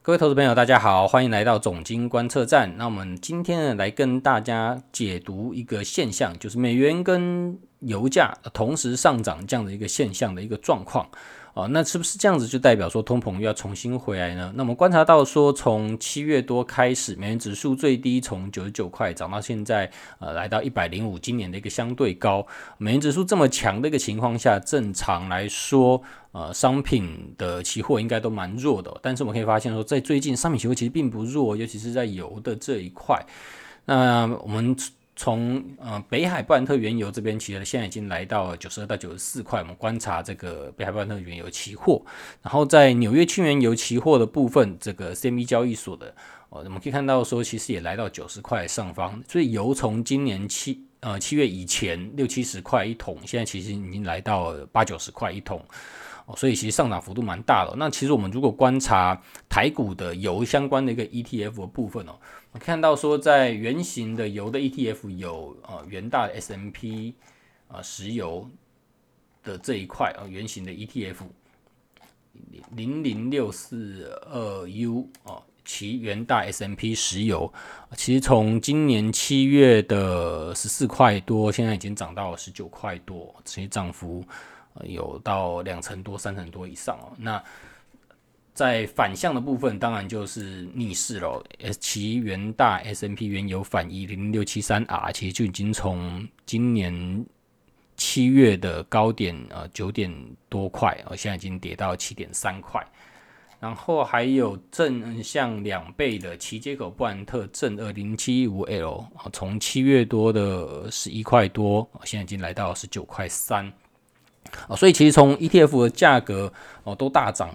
各位投資朋友，大家好，歡迎來到總經觀測站。那我們今天呢，來跟大家解讀一個現象，就是美元跟油價同時上漲這樣的一個現象的一個狀況。哦，那是不是這樣子就代表說通膨又要重新回來呢？那我們觀察到說，從七月多開始，美元指數最低從九十九塊漲到現在，呃，來到一百零五，今年的一個相對高。美元指數這麼強的一個情況下，正常來說，呃，商品的期貨應該都蠻弱的。但是我們可以發現說，在最近商品期貨其實並不弱，尤其是在油的這一塊。那我們。從呃北海布蘭特原油這邊，其實現在已經來到九十二到九十四塊。我們觀察這個北海布蘭特原油期貨，然後在紐約輕原油期貨的部分，這個 CME 交易所的哦，我們可以看到說，其實也來到九十塊上方。所以油從今年七呃七月以前六七十塊一桶，現在其實已經來到八九十塊一桶，哦，所以其實上漲幅度蠻大的，哦。那其實我們如果觀察台股的油相關的一個 ETF 的部分哦。我看到說，在原型的油的 ETF 有啊、呃，元大 S&P 啊、呃，石油的這一塊啊，原、呃、形的 ETF 零零六四二 U 啊、呃，其元大 S&P 石油，呃、其實從今年七月的十四塊多，現在已經漲到了十九塊多，所以漲幅有到兩成多、三成多以上哦、呃。那在反向的部分，當然就是逆勢了，哦原。S 其元大 S&P 原油反一零六七三 R，其實就已經從今年七月的高點呃九點多塊，哦，現在已經跌到七點三塊。然後還有正向兩倍的其街口布蘭特正二零七一五 L，哦，從七月多的十一塊多，哦，現在已經來到十九塊三。哦，所以其實從 E T F 的價格哦都大漲。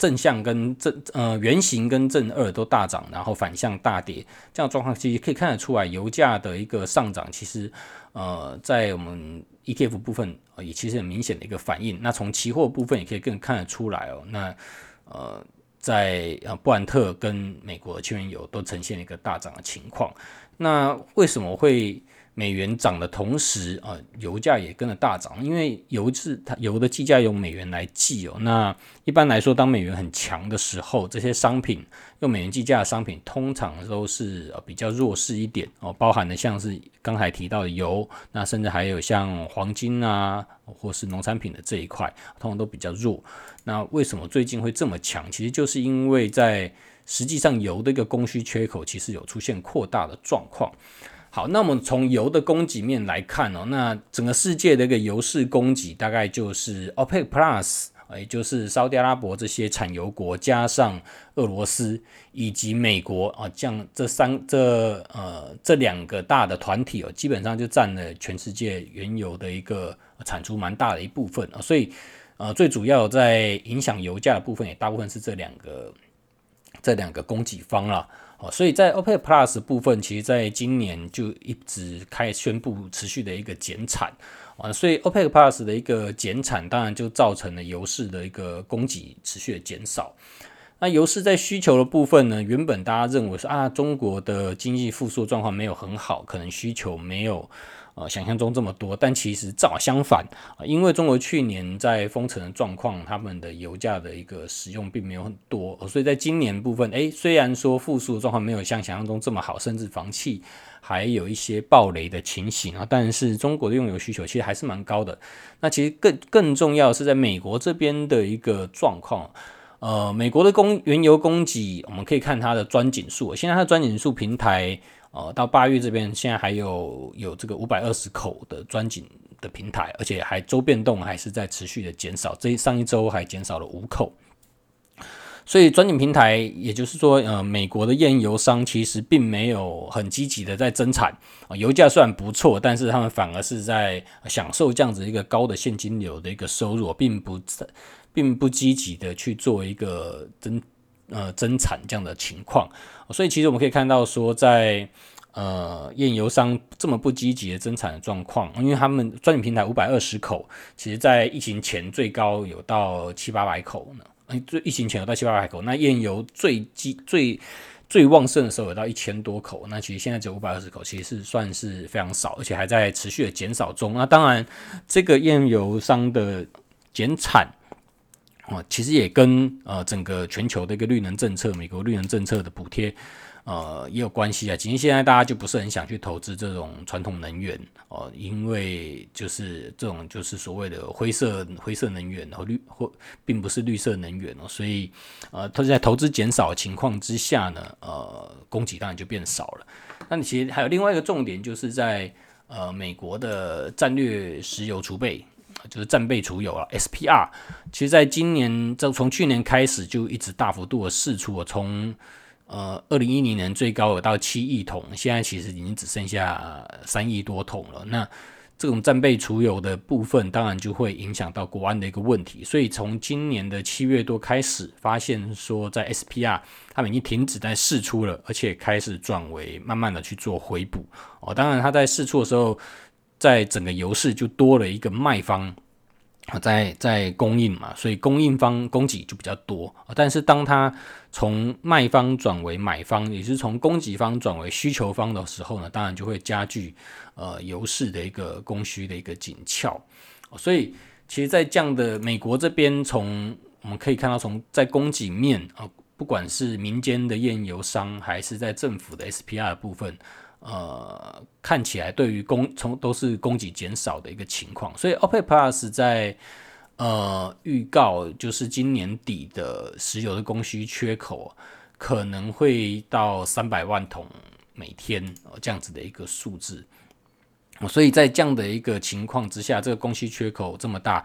正向跟正呃原型，跟正二都大漲，然後反向大跌，這樣的狀況其實可以看得出來，油價的一個上漲，其實呃在我們 ETF 部分，呃，也其實很明顯的一個反應。那從期貨部分也可以更看得出來哦，那呃在呃布蘭特跟美國的輕油都呈現一個大漲的情況，那為什麼會？美元漲的同時啊，呃，油價也跟着大漲。因為油是它油的計價用美元來計哦。那一般來說，當美元很強的時候，這些商品用美元計價的商品通常都是呃比較弱勢一點哦。包含的像是剛才提到的油，那甚至還有像黃金啊，或是農產品的這一塊，通常都比較弱。那為什麼最近會這麼強？其實就是因為在實際上油的一個供需缺口，其實有出現擴大的狀況。好，那我們從油的供給面來看哦，那整個世界的一個油市供給大概就是 OPEC Plus，也就是沙特阿拉伯這些產油國家加上俄羅斯以及美國啊，這樣這三這呃這兩個大的團體哦，基本上就占了全世界原油的一個產出蠻大的一部分啊，所以、呃、最主要在影響油價的部分，也大部分是這兩個這兩個供給方啦。哦，所以在 OPEC Plus 部分，其實，在今年就一直開宣布持續的一個減產，啊，所以 OPEC Plus 的一個減產，當然就造成了油市的一個供給持續的減少。那油市在需求的部分呢，原本大家認為說啊，中國的經濟復甦狀況沒有很好，可能需求沒有。呃，想象中這麼多，但其實正好相反，呃，因為中國去年在封城的狀況，他們的油價的一個使用並沒有很多，呃，所以在今年部分，誒，雖然說復甦的狀況沒有像想象中這麼好，甚至房企還有一些暴雷的情形啊，呃，但是中國的用油需求其實還是蠻高的。那其實更更重要的是在美國這邊的一個狀況，呃，美國的供原油供給，我們可以看它的鑽井數，現在它的鑽井數平台。呃，到八月這邊，現在還有有這個五百二十口的鑽井的平台，而且還週變動還是在持續的減少，這上一周還減少了五口。所以鑽井平台，也就是說，呃，美國的煉油商其實並沒有很積極的在增產，油價算不錯，但是他們反而是在享受這樣子一個高的現金流的一個收入，並不並不積極的去做一個增。呃，增產這樣的情況。哦，所以其實我們可以看到說在，在呃，頁油商這麼不積極的增產的狀況，因為他們鑽井平台五百二十口，其實在疫情前最高有到七八百口呢。最、呃、疫情前有到七八百口，那頁油最激最最旺盛的時候有到一千多口，那其實現在只有五百二十口，其實是算是非常少，而且還在持續的減少中。那當然，這個頁油商的減產。啊，其實也跟呃整個全球的一個綠能政策、美國綠能政策的補貼，呃也有關係啊。其實現在大家就不是很想去投資這種傳統能源哦、呃，因為就是這種就是所謂的灰色灰色能源和綠或並不是綠色能源哦，所以呃它在投資減少的情況之下呢，呃供給當然就變少了。那你其實還有另外一個重點，就是在呃美國的戰略石油儲備。就是戰備儲油了啊，SPR，其實在今年，從從去年開始就一直大幅度的試出了，從呃二零一零年最高有到七億桶，現在其實已經只剩下三億多桶了。那這種戰備儲油的部分，當然就會影響到國安的一個問題。所以從今年的七月多開始，發現說在 SPR，它已經停止在釋出了，而且開始轉為慢慢的去做回補。哦，當然它在釋出的時候。在整個油市就多了一個賣方啊，在在供應嘛，所以供應方供給就比較多。但是當它從賣方轉為買方，也是從供給方轉為需求方的時候呢，當然就會加劇呃油市的一個供需的一個緊俏。所以其實，在這樣的美國這邊，從我們可以看到，從在供給面啊，不管是民間的煉油商，還是在政府的 SPR 部分。呃，看起來對於供從都是供給減少的一個情況，所以 OPEC Plus 在呃預告，就是今年底的石油的供需缺口可能會到三百萬桶每天，呃，這樣子的一個數字，呃。所以在這樣的一個情況之下，這個供需缺口這麼大，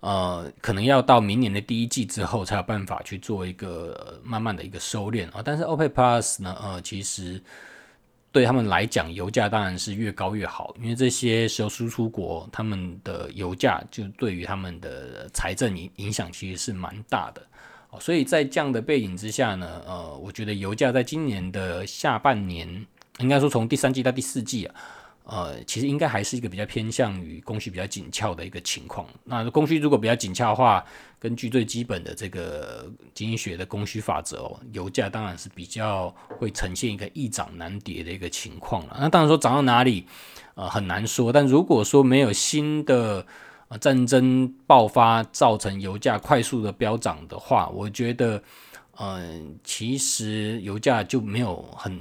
呃，可能要到明年的第一季之後才有辦法去做一個慢慢的一個收斂啊，呃。但是 OPEC Plus 呢，呃，其實。對他們來講，油價當然是越高越好，因為這些石油輸出國，他們的油價就對於他們的財政影影響其實是蠻大的。好，所以在這樣的背景之下呢，呃，我覺得油價在今年的下半年，應該說從第三季到第四季啊。呃，其實應該還是一個比較偏向於供需比較緊俏的一個情況。那供需如果比較緊俏的話，根據最基本的這個經濟學的供需法則哦，油價當然是比較會呈現一個易漲難跌的一個情況了。那當然說漲到哪裡，呃，很難說。但如果說沒有新的，呃，戰爭爆發造成油價快速的飆漲的話，我覺得，呃，其實油價就沒有很。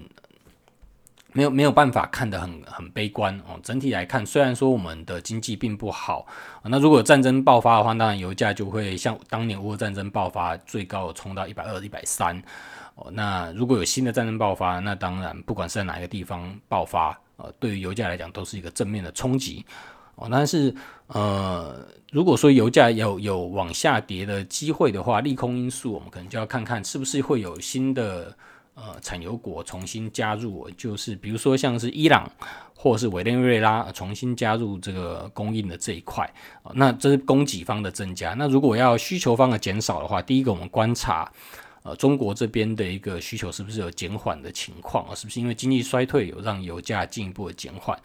沒有沒有辦法看得很很悲觀哦。整體來看，雖然說我們的經濟並不好，呃，那如果有戰爭爆發的話，當然油價就會像當年俄烏戰爭爆發，最高衝到一百二、一百三哦。那如果有新的戰爭爆發，那當然不管是在哪一個地方爆發啊，呃，對於油價來講都是一個正面的衝擊哦。但是呃，如果說油價有有往下跌的機會的話，利空因素我們可能就要看看是不是會有新的。呃，產油國重新加入，就是比如說像是伊朗或者是委內瑞拉，呃，重新加入這個供應的這一塊啊，呃，那這是供給方的增加。那如果要需求方的減少的話，第一個我們觀察呃中國這邊的一個需求是不是有減緩的情況啊，呃，是不是因為經濟衰退有讓油價進一步的減緩？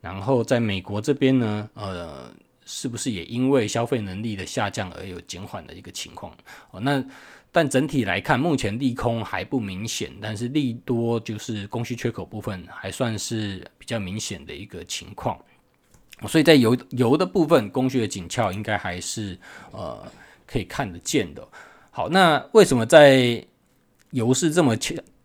然後在美國這邊呢，呃，是不是也因為消費能力的下降而有減緩的一個情況？哦，呃，那。但整體來看，目前利空還不明顯，但是利多就是供需缺口部分還算是比較明顯的一個情況，所以在油油的部分，供需的緊俏應該還是呃可以看得見的。好，那為什麼在油市這麼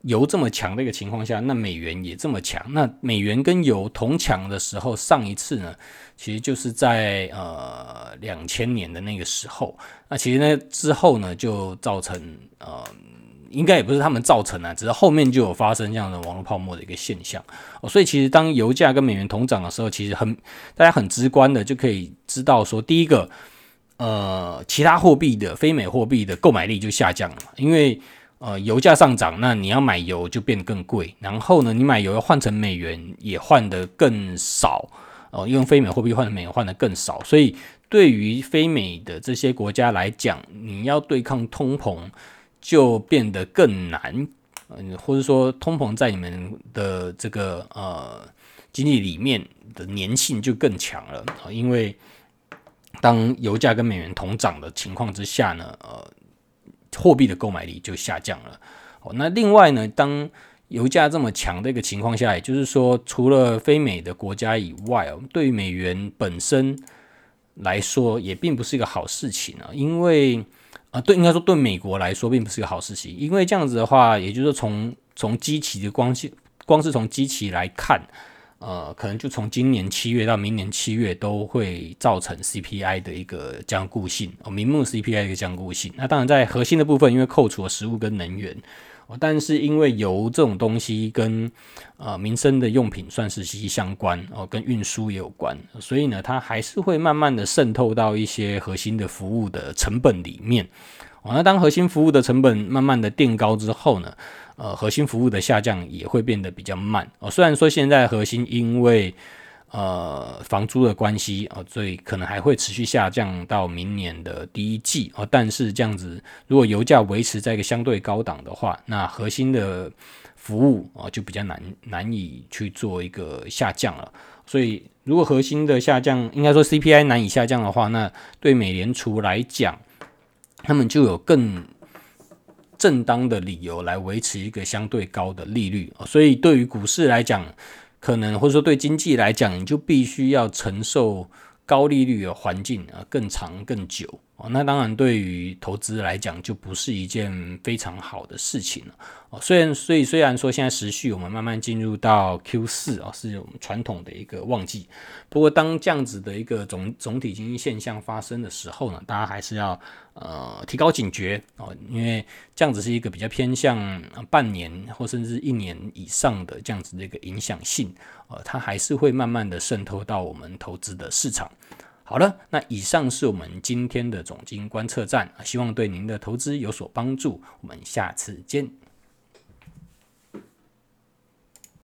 油這麼強的一個情況下，那美元也這麼強。那美元跟油同強的時候，上一次呢，其實就是在呃兩千年的那個時候。那其實呢之後呢，就造成呃，應該也不是他們造成啊，只是後面就有發生這樣的網絡泡沫的一個現象。哦，所以其實當油價跟美元同漲的時候，其實很大家很直觀的就可以知道說，第一個，呃，其他貨幣的非美貨幣的購買力就下降了，因為。呃，油價上漲，那你要買油就變得更貴。然後呢，你買油要換成美元，也換得更少。哦、呃，用非美貨幣換成美元換得更少，所以對於非美的這些國家來講，你要對抗通膨就變得更難。嗯、呃，或者說，通膨在你們的這個呃經濟裡面的粘性就更強了。啊、呃，因為當油價跟美元同漲的情況之下呢，呃。貨幣的購買力就下降了。哦，那另外呢，當油價這麼強的一個情況下，也就是說，除了非美的國家以外，對於美元本身來說，也並不是一個好事情啊。因為啊、呃，對，應該說對美國來說，並不是一個好事情。因為這樣子的話，也就是說，從從機器的關係，光是從機器來看。呃，可能就從今年七月到明年七月都會造成 CPI 的一個僵固性哦，名目 CPI 的一個僵固性。那當然在核心的部分，因為扣除了食物跟能源，哦，但是因為油這種東西跟呃民生的用品算是息息相關哦，跟運輸也有關，所以呢，它還是會慢慢的滲透到一些核心的服務的成本裡面。哦，那當核心服務的成本慢慢的墊高之後呢，呃，核心服務的下降也會變得比較慢，哦，雖然說現在核心因為呃房租的關係啊，哦，所以可能還會持續下降到明年的第一季哦。但是這樣子，如果油價維持在一個相對高檔的話，那核心的服務啊，哦，就比較難難以去做一個下降了。所以，如果核心的下降應該說 CPI 難以下降的話，那對美聯儲來講，他們就有更正當的理由來維持一個相對高的利率，所以對於股市來講，可能或者說對經濟來講，你就必須要承受高利率的環境啊，更長更久。哦，那當然，對於投資來講，就不是一件非常好的事情了。哦，雖然，所以，雖然說現在時序我們慢慢進入到 Q 四啊，哦，是我們傳統的一個旺季。不過，當這樣子的一個總總體經濟現象發生的時候呢，大家還是要呃提高警覺哦，因為這樣子是一個比較偏向半年或甚至一年以上的這樣子的一個影響性，哦，它還是會慢慢的滲透到我們投資的市場。好了，那以上是我們今天的總經觀測站，希望對您的投資有所幫助。我們下次見。